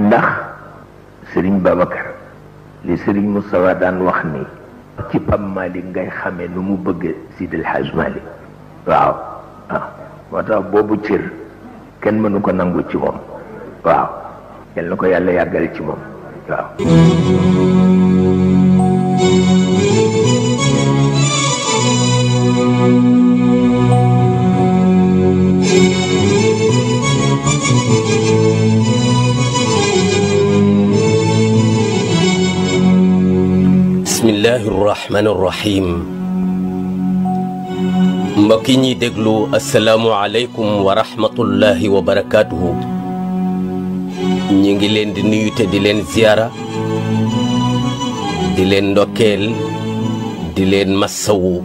ndax sëriñ Babacar li sëriñ Moustapha daan wax ni ci Pam Malick ngay xamee nu mu bëgg Sidil Hadj Malick waaw waaw moo tax boobu cër kenn mënu ko nangu ci moom waaw yal na ko yàlla yàggale ci moom waaw bismillahi rahmaani mbokk yi ñuy déglu asalaamualeykum wa rahmatullahi wa barakaatuhu ñu ngi leen di nuyu te di leen ziyaara di leen ndokkeel di leen massawu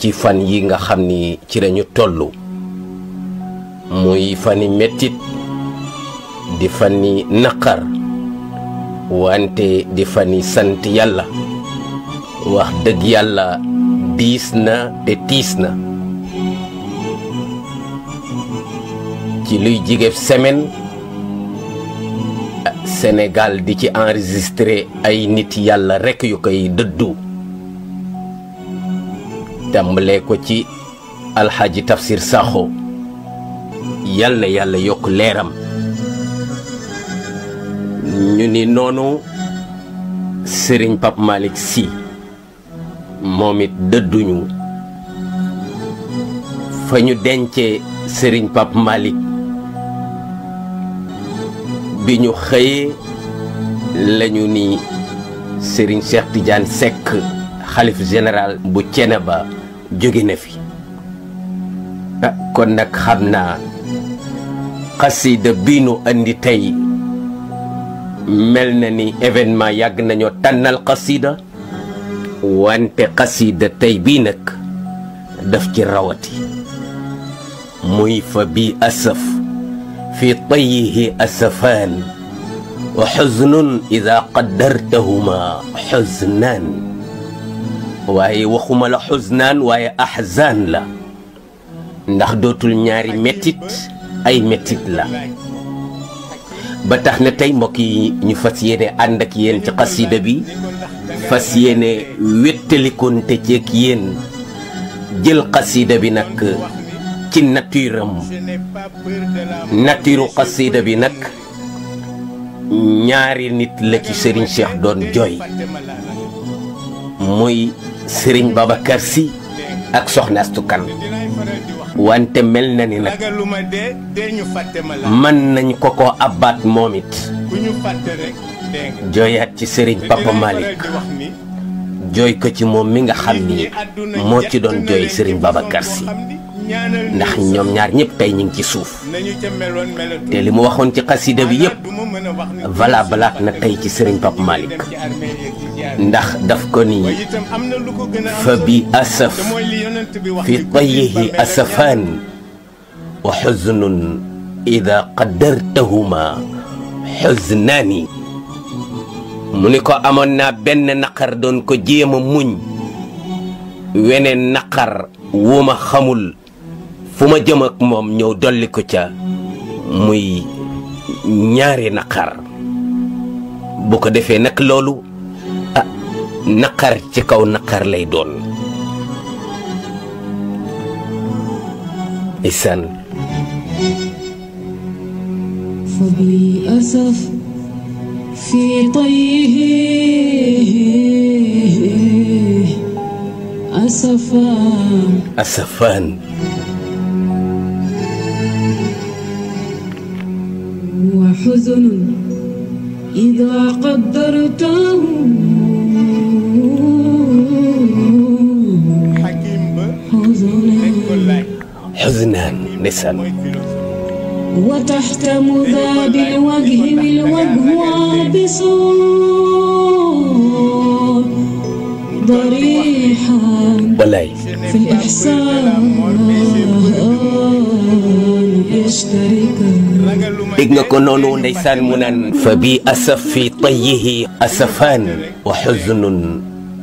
ci fan yi nga xam ni ci lañu tollu muy fani mettit di fani naqar wante di fani sant yàlla wax dëgg yàlla diis na te tiis na ci luy jige semaine senegal di ci enregistré ay nit yàlla rekk yu koy dëddu tàmbalee ko ci alxaaji Tafsir Sakho yàlla yàlla yokk leeram ñu ni noonu Serigne Pape Malick Sy moom it dëdduñu fa ñu dencee Serigne Pape bi ñu xëyee lañu ni sëriñ Cheikh Tidiane Seck xalif général bu Thiénaba jóge na fi ah kon nag xam naa xasida bii nu andi tey mel na ni événement yàgg nañoo tànnal xasida wante xasida tey bii nag daf ci rawati muy fa bi asaf fi tayihi asafaan wa xuznun ida qaddartahuma xuznaan waaye waxuma la xuznaan waaye axzaan la ndax dootul ñaari mettit ay mettit la batax na tey mbokk yi ñu fas yéene ànd ak yéen ci xasida bi fas yéene wéttalikonte ceeg yéen jël xasida bi nag ci nature am xasida bi nag ñaari nit la ci Serigne Cheikh doon jooy muy sëriñ Babacar Sy ak Soxna Astou Kane wante mel na ni nag mën nañ ko ko baat moom it jooyaat ci sëriñ Papa Malick jooy ko ci moom mi nga xam ni moo ci doon jooy sëriñ Babacar Sy ndax ñoom ñaar ñëpp tey ñu ngi ci suuf te li mu waxoon ci xasida bi yëpp valaa balaat na tey ci sëriñ Pape Malick ndax daf ko ni fa bi asaf fi tayihi asafaan wa xuznun ida qaddartahuma xuznaani mu ni ko amoon naa benn naqar doon ko jéema a muñ weneen naqar wu ma xamul fu ma jëm ak moom ñëw dolli ko ca muy ñaari naqar bu ko defee nag loolu ah naqar ci kaw naqar lay doon isan في طيه أسفان أسفان وحزن إذا قدرته حزنا حزنا نسأل وتحت مذاب الوجه والوجه وبصور ضريحا في الإحسان يشترك إجنا كنونو نيسان منان فبي أسف في طيه أسفان وحزن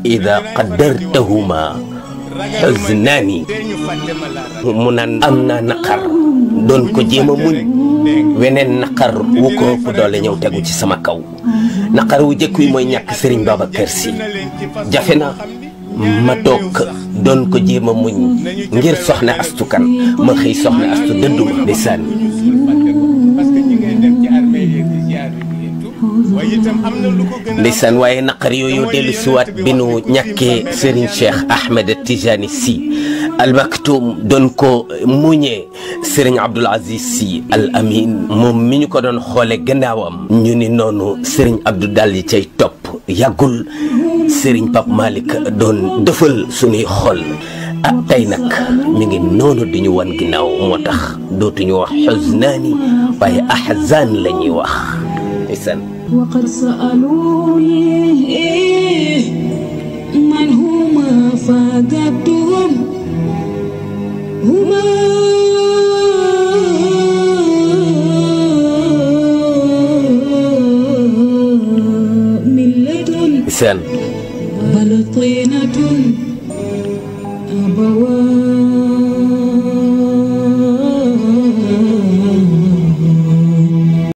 إذا قدرتهما حزناني منان أمنا نقر doon ko jéem a muñ weneen naqar wu ko ëpp doole ñëw tegu ci sama kaw naqar wu jëkk wi mooy ñàkk sëriñ Babacar Sy jafe na ma toog doon ko jéem a muñ ngir soxna astu kan ma xëy soxna astu dëddu ma ndeysaan ndeysaan waaye naqar yooyu dellu siwaat bi nu ñàkkee sëriñ Cheikh Ahmed Tijani Sy al doon ko muñee sëriñ Abdoul Aziz si Al Amin moom mi ñu ko doon xoole gannaawam ñu ni noonu sëriñ Abdou daal di cay topp yàggul Serigne Pape doon dëfal suñuy xol ah tey nag mi ngi noonu di ñu wan ginnaaw moo tax dootuñu wax xuznaani waaye ahzaan la ñuy wax isan Sène